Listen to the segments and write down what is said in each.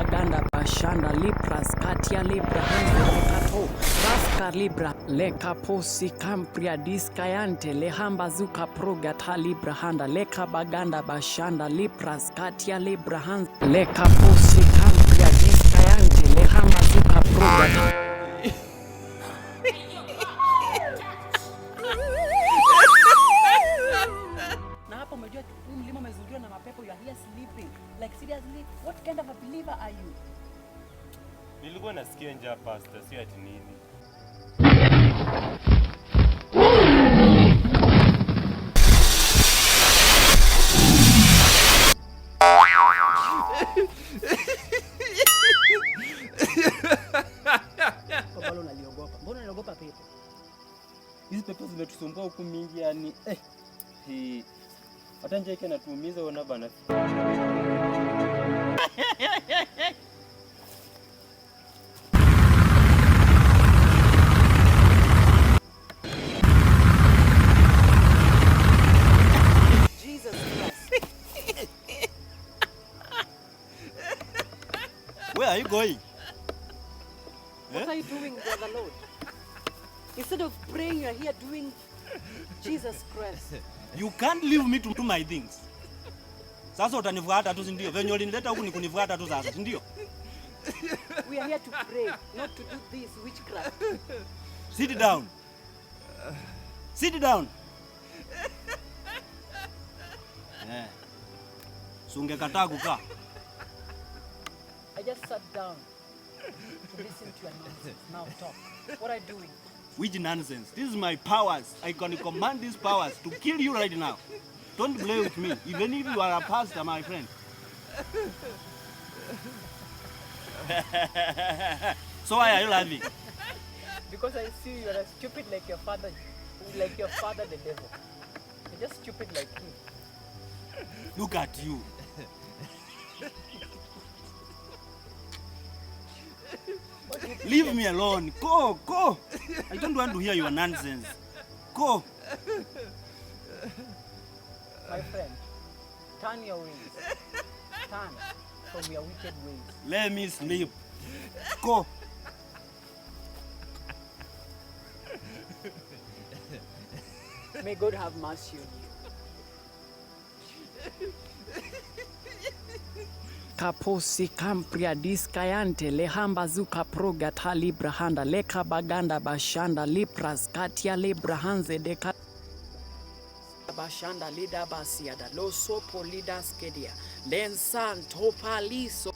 Baganda Bashanda Libras Katia Libra Hanzekato Raska Libra Lekaposi Kampria Diskayante Lehambazuka Progata Libra Handa Leka Baganda Bashanda Libras Katia Libra Hanz Lekaposi Kampria Diskayante Lehambazuka Progata pepo, you are here sleeping. Like seriously, what kind of a believer are you? Nilikuwa nasikia njaa pastor, si ati nini. Hizi pepo zimetusumbua huku mingi yani, eh. Hii. Hata njeke natuumiza ona bana. Where are you going? What are you doing, brother Lord? Instead of praying, you are here doing Jesus Christ. You can't leave me to do my things. Sasa utanivuata tu, si ndio? Venye ulinileta huku ni kunivuata tu sasa, si ndio? We are here to pray, not to do this witchcraft. Sit down. Sit down. Eh. kataa kukaa. I just sat down to listen to your nonsense. Now talk. What are you doing? Which nonsense. This is my powers. I can command these powers to kill you right now. Don't play with me, even if you are a pastor, my friend. So why are you laughing? Because I see you are stupid like your father, like your father the devil. You're just stupid like him. Look at you. Leave me alone. Go, go. I don't want to hear your nonsense. Go. My friend, turn your wings. Turn from your wicked wings. Let me sleep. Go. May God have mercy on you kaposi kampria diskayante zuka proga lehambazuka handa leka baganda bashanda lipras katia libra hanze deka bashanda lida lidabasiada losopo lidaskedia lensanto paliso topa liso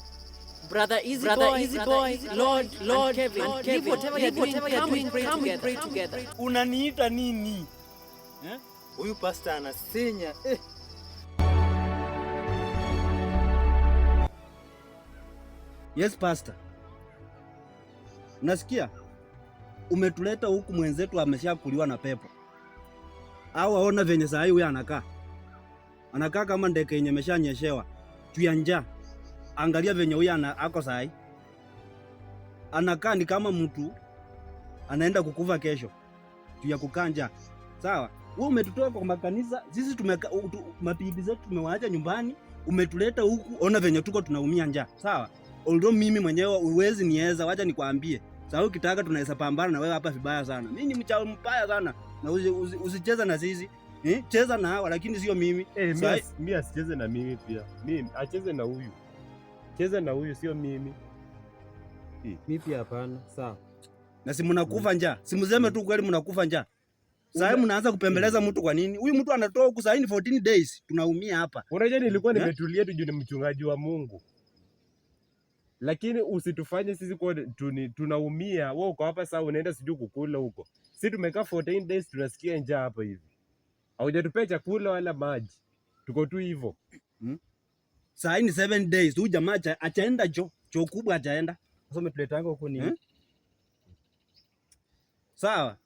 Brother Boy, Easy Brother Boy, Easy Boy, Lord, Lord, Kevin, Lord, Kevin, whatever you're doing, come we pray, come and pray together. Unaniita nini? Eh? Huyu pastor anasenya eh. Yes pastor, unasikia? Umetuleta huku, mwenzetu ameshakuliwa na pepo. Au aona venye saa hii huyo anakaa, anakaa kama ndeke yenye imeshanyeshewa juu Angalia venye huyo ako saa hii, anakaa ni kama mtu anaenda kukuva kesho Tuya kukanja. Sawa, wewe umetutoa kwa makanisa, sisi mabibi zetu tumewaacha nyumbani, umetuleta huku, ona venye tuko tunaumia njaa. Sawa although mimi mwenyewe uwezi niweza, wacha nikwambie. Sababu ukitaka tunaweza pambana na wewe hapa vibaya sana. Mimi ni mchawi mbaya sana na usicheza na sisi. Eh, cheza na hawa lakini sio mimi. Eh, mimi mimi asicheze na mimi pia. Mimi acheze na huyu. Cheza na huyu sio mimi. Eh, mimi pia hapana. Sawa. Na si mnakufa njaa. Si mseme tu kweli mnakufa njaa. Sasa mnaanza kupembeleza mtu kwa nini? Huyu mtu anatoa huku sasa ni 14 days tunaumia hapa. Unajua nilikuwa eh? nimetulia tu juu ni mchungaji wa Mungu lakini usitufanye sisi kwa tunaumia, wewe uko hapa sasa, unaenda sijui kukula huko. Sisi tumekaa 14 days tunasikia njaa hapa hivi, haujatupea chakula wala maji, tuko tu hivyo hmm? Sasa ni 7 days, huyu jamaa achaenda jo cho kubwa achaenda sasa, umetuleta huko ni hmm? Sawa,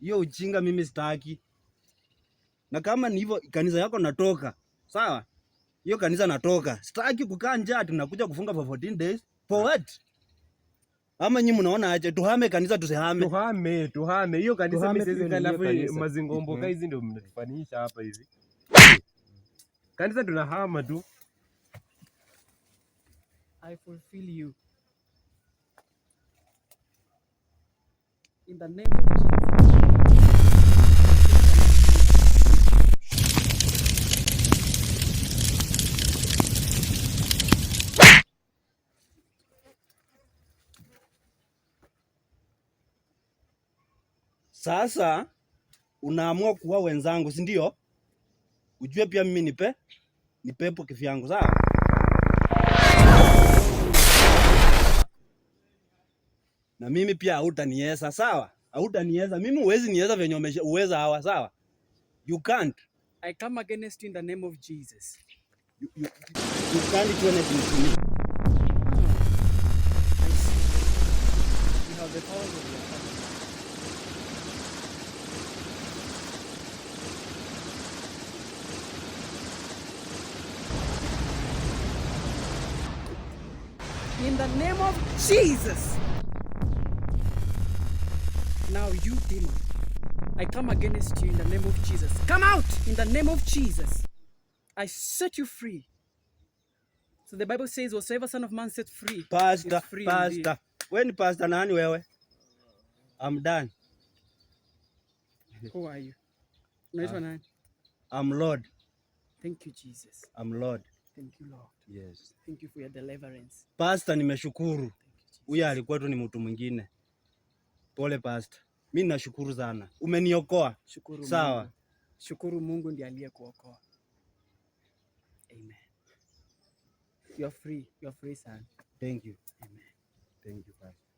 hiyo ujinga mimi sitaki, na kama ni hivyo kanisa yako natoka, sawa hiyo kanisa natoka. Sitaki kukaa njaa ati mnakuja kufunga for 14 days. For what? Ama nyinyi mnaona aje? Tuhame kanisa tusihame. Tuhame, tuhame. Hiyo kanisa mimi siwezi mazingombo kai Hizi ndio mnatufanisha hapa hivi. Kanisa tunahama tu. I fulfill you. In the name of Jesus. Sasa unaamua kuwa wenzangu, si ndio? Ujue pia mimi nipe nipepo kivyangu, sawa? Na mimi pia hautaniweza, sawa? Hautaniweza mimi, uwezi niweza venye uweza hawa, sawa? You can't. I come against in the name of Jesus. You, you, you can't do anything to me. Hmm. I see. You have the power of God. in the name of Jesus. Now, you demon, I come against you in the name of Jesus. Come out in the name of Jesus. I set you free. So the Bible says, whatsoever son of man set free, Pastor, free Pastor. When Pastor nani wewe? I'm done. Who are you? Ah. I'm Lord. Thank you, Jesus. I'm Lord. Thank you Lord. Yes. Thank you for your deliverance. Pastor, nimeshukuru. Huyo alikuwa tu ni mtu mwingine. Pole pastor. Mimi nashukuru sana. Umeniokoa. Shukuru Sawa. Mungu. Shukuru Mungu ndiye aliyekuokoa. Amen. You are free. You are free son. Thank you. Amen. Thank you pastor.